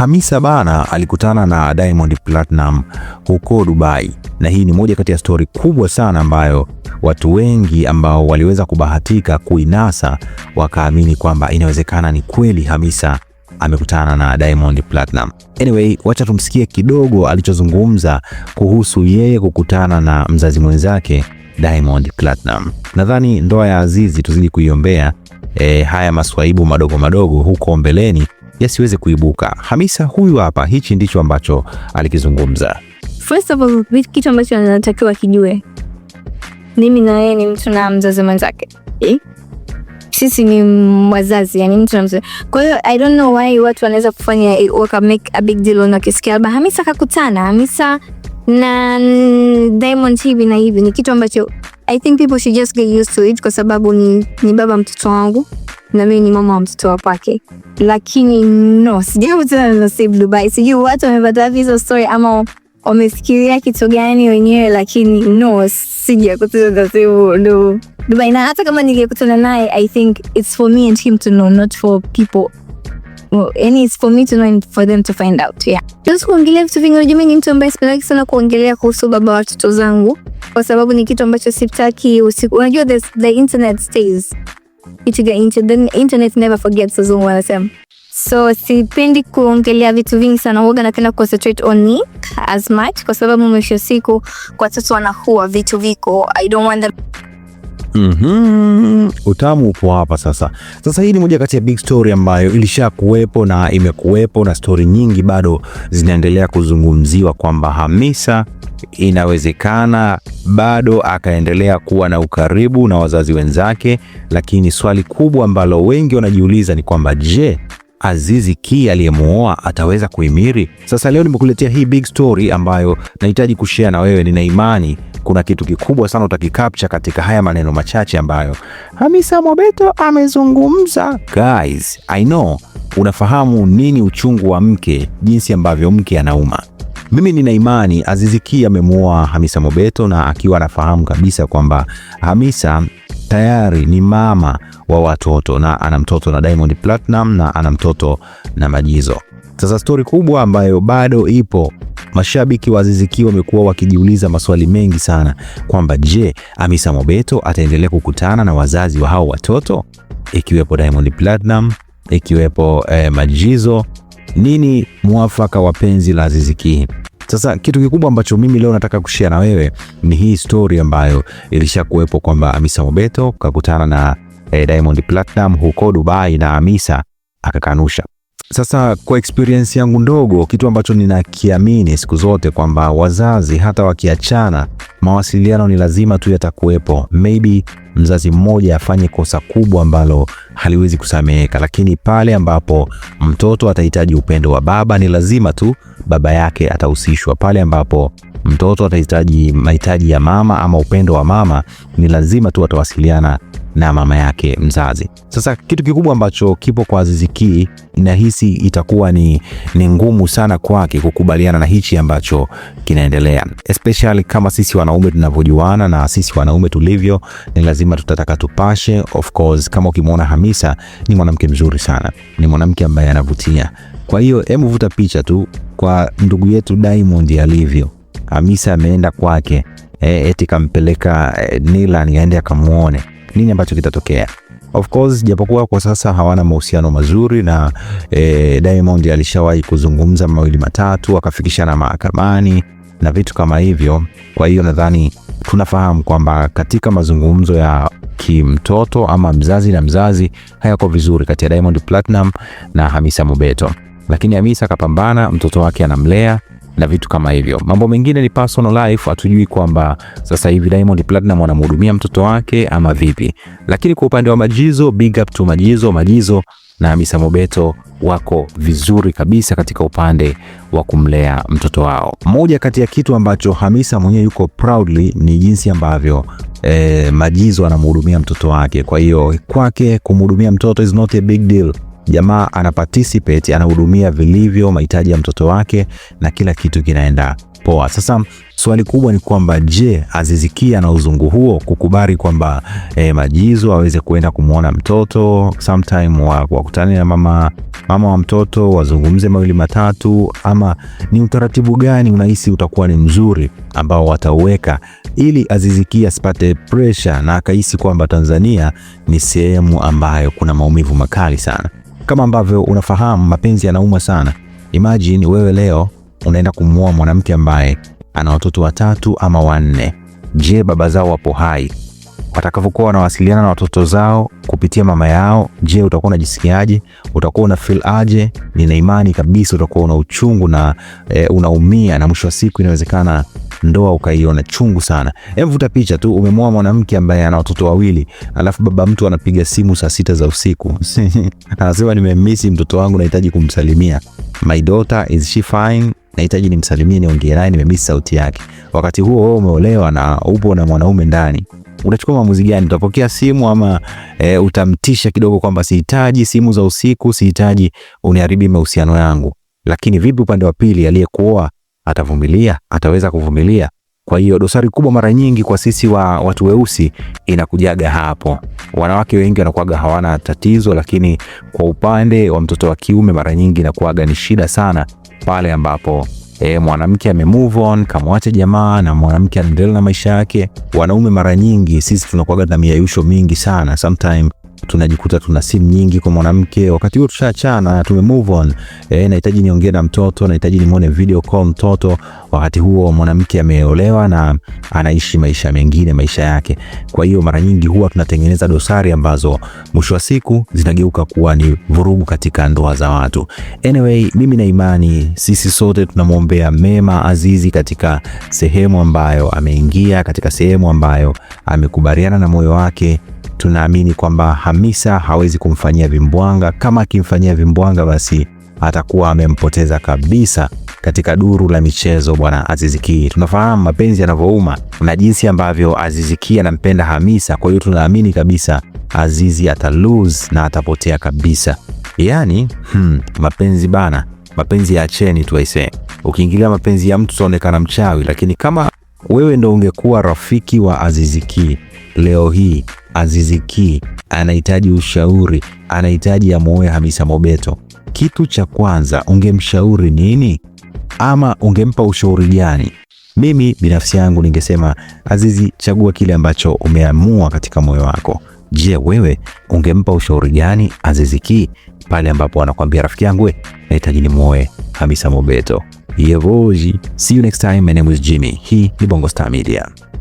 Hamisa bana alikutana na Diamond Platinum huko Dubai, na hii ni moja kati ya stori kubwa sana ambayo watu wengi ambao waliweza kubahatika kuinasa wakaamini kwamba inawezekana ni kweli Hamisa amekutana na Diamond Platinum. Anyway, wacha tumsikie kidogo alichozungumza kuhusu yeye kukutana na mzazi mwenzake Diamond Platinum. Nadhani ndoa ya Azizi tuzidi kuiombea. E, haya maswaibu madogo madogo huko mbeleni yasiweze kuibuka. Hamisa huyu hapa, hichi ndicho ambacho alikizungumza. First of all, kitu ambacho anatakiwa kijue, mimi na yeye ni mtu na mzazi mwenzake eh? Sisi ni wazazi, yani mtu na mzazi. Kwa hiyo I don't know why watu wanaweza kufanya waka make a big deal na kisikia labda Hamisa kakutana Hamisa na Diamond hivi na hivi, ni kitu ambacho I think people should just get used to it, kwa sababu ni, ni baba mtoto wangu na mimi ni mama wa mtoto wa kwake, lakini no, sijakutana na Nasib Dubai. Sijui watu wamepata hizo story ama wamefikiria kitu gani wenyewe, lakini no, sijakutana na Nasib Dubai, na hata kama ningekutana naye I think it's for me and him to know, not for people Well, it's for me to know and for them to find out. Yeah. kuongelea vitu vingi, unajua mimi ni mtu ambaye sipendaki sana kuongelea kuhusu baba watoto zangu kwa sababu ni kitu ambacho sitaki. usiku. Unajua the internet stays ichiga inchi, then internet never forgets, wazungu wanasema. So sipendi kuongelea vitu vingi sana, huwaga napenda concentrate on me as much, kwa sababu mwisho siku kwa sasa wanahua vitu viko, I don't want them Mm -hmm. Utamu upo hapa sasa. Sasa hii ni moja kati ya big story ambayo ilisha kuwepo na imekuwepo na story nyingi bado zinaendelea kuzungumziwa kwamba Hamisa inawezekana bado akaendelea kuwa na ukaribu na wazazi wenzake, lakini swali kubwa ambalo wengi wanajiuliza ni kwamba je, Azizi Ki aliyemuoa ataweza kuhimili? Sasa leo nimekuletea hii big story ambayo nahitaji kushare na wewe. Nina imani kuna kitu kikubwa sana utakikapcha katika haya maneno machache ambayo Hamisa Mobeto amezungumza. Guys, I know unafahamu nini uchungu wa mke, jinsi ambavyo mke anauma mimi nina imani Aziziki amemuoa Hamisa Mobeto na akiwa anafahamu kabisa kwamba Hamisa tayari ni mama wa watoto na ana mtoto na Diamond Platinum na ana mtoto na Majizo. Sasa stori kubwa ambayo bado ipo, mashabiki wa aziziki wamekuwa wakijiuliza maswali mengi sana kwamba je, Hamisa Mobeto ataendelea kukutana na wazazi wa hao watoto ikiwepo Diamond Platinum ikiwepo eh, Majizo nini mwafaka wa penzi la zizikii Ki. Sasa kitu kikubwa ambacho mimi leo nataka kushare na wewe ni hii story ambayo ilishakuwepo kwamba Hamisa Mobeto kakutana na eh, Diamond Platinum huko Dubai na Hamisa akakanusha. Sasa kwa experience yangu ndogo, kitu ambacho ninakiamini siku zote kwamba wazazi hata wakiachana, mawasiliano ni lazima tu yatakuwepo. Maybe mzazi mmoja afanye kosa kubwa ambalo haliwezi kusameheka, lakini pale ambapo mtoto atahitaji upendo wa baba, ni lazima tu baba yake atahusishwa. Pale ambapo mtoto atahitaji mahitaji ya mama ama upendo wa mama, ni lazima tu atawasiliana na mama yake mzazi. Sasa kitu kikubwa ambacho kipo kwa Azizi Ki, nahisi itakuwa ni, ni ngumu sana kwake kukubaliana na hichi ambacho kinaendelea, especially kama sisi wanaume tunavyojuana na sisi wanaume tulivyo, ni lazima tutataka tupashe. Of course, kama ukimwona Hamisa ni mwanamke mzuri sana, ni mwanamke ambaye anavutia. Kwa hiyo hebu vuta picha tu kwa ndugu yetu Diamond alivyo Hamisa ameenda kwake e, eti kampeleka e, Nilan aende akamuone nini ambacho kitatokea. Of course japokuwa kwa sasa hawana mahusiano mazuri na e, Diamond alishawahi kuzungumza mawili matatu akafikishana mahakamani na vitu kama hivyo. Kwa hiyo nadhani tunafahamu kwamba katika mazungumzo ya kimtoto ama mzazi na mzazi hayako vizuri kati ya Diamond Platinum na Hamisa Mobeto, lakini Hamisa akapambana, mtoto wake anamlea na vitu kama hivyo. Mambo mengine ni personal life, hatujui kwamba sasa hivi Diamond Platinum anamhudumia mtoto wake ama vipi. Lakini kwa upande wa Majizo, big up to Majizo. Majizo na Hamisa Mobeto wako vizuri kabisa katika upande wa kumlea mtoto wao. Moja kati ya kitu ambacho Hamisa mwenyewe yuko proudly ni jinsi ambavyo E, Majizo anamhudumia mtoto wake. Kwa hiyo kwake kumhudumia mtoto is not a big deal. Jamaa ana participate, anahudumia vilivyo mahitaji ya mtoto wake na kila kitu kinaenda poa. Sasa swali kubwa ni kwamba je, Azizikia na uzungu huo kukubali kwamba eh, Majizo aweze kuenda kumwona mtoto sometime, wakutane na mama mama wa mtoto wazungumze mawili matatu, ama ni utaratibu gani unahisi utakuwa ni mzuri ambao watauweka ili Azizikia asipate pressure na akahisi kwamba Tanzania ni sehemu ambayo kuna maumivu makali sana? Kama ambavyo unafahamu, mapenzi yanauma sana. Imagine wewe leo unaenda kumwoa mwanamke ambaye ana watoto watatu ama wanne. Je, baba zao wapo hai? watakavyokuwa wanawasiliana na watoto zao kupitia mama yao. Je, utakuwa unajisikiaje? Utakuwa una feel aje? Nina imani kabisa utakuwa una uchungu na e, unaumia na mwisho wa siku inawezekana ndoa ukaiona chungu sana. Vuta picha tu, umemwoa mwanamke ambaye ana watoto wawili, alafu baba mtu anapiga simu saa sita za usiku anasema, nimemisi mtoto wangu, nahitaji kumsalimia. My daughter is she fine? Nahitaji nimsalimie, niongee naye, nimemisi sauti yake. Wakati huo wewe umeolewa na upo na mwanaume ndani Utachukua maamuzi gani? Utapokea simu ama e, utamtisha kidogo kwamba sihitaji simu za usiku, sihitaji uniharibi mahusiano yangu. Lakini vipi upande wa pili, aliyekuoa atavumilia? Ataweza kuvumilia? Kwa hiyo dosari kubwa mara nyingi kwa sisi wa watu weusi inakujaga hapo. Wanawake wengi wanakuaga hawana tatizo, lakini kwa upande wa mtoto wa kiume mara nyingi inakuaga ni shida sana pale ambapo e, mwanamke ame move on kamwacha jamaa na mwanamke anaendelea na maisha yake. Wanaume mara nyingi sisi tunakuwa na miayusho mingi sana sometimes tunajikuta tuna simu nyingi kwa mwanamke, wakati huo tushaachana, tume move on. E, nahitaji niongee na mtoto, nahitaji nimuone video call mtoto. Wakati huo mwanamke ameolewa na anaishi maisha mengine, maisha yake. Kwa hiyo mara nyingi huwa tunatengeneza dosari ambazo mwisho wa siku zinageuka kuwa ni vurugu katika ndoa za watu. Anyway, mimi na imani sisi sote tunamwombea mema Azizi katika sehemu ambayo ameingia, katika sehemu ambayo amekubaliana na moyo wake tunaamini kwamba Hamisa hawezi kumfanyia vimbwanga. Kama akimfanyia vimbwanga, basi atakuwa amempoteza kabisa katika duru la michezo bwana Aziziki. Tunafahamu mapenzi yanavyouma na jinsi ambavyo Aziziki anampenda Hamisa, kwa hiyo tunaamini kabisa Azizi ata lose na atapotea kabisa. Yaani, hmm, mapenzi bana, mapenzi ya cheni tu aise. Ukiingilia mapenzi ya mtu utaonekana mchawi, lakini kama wewe ndo ungekuwa rafiki wa Aziziki leo hii azizikii anahitaji ushauri, anahitaji amwoe Hamisa Mobeto, kitu cha kwanza ungemshauri nini ama ungempa ushauri gani? Mimi binafsi yangu ningesema Azizi, chagua kile ambacho umeamua katika moyo wako. Je, wewe ungempa ushauri gani Azizi Ki pale ambapo anakuambia rafiki yangu, nahitaji nimwoe Hamisa Mobeto? Yevoji, see you next time. My name is Jimmy. Hii ni Bongo Star Media.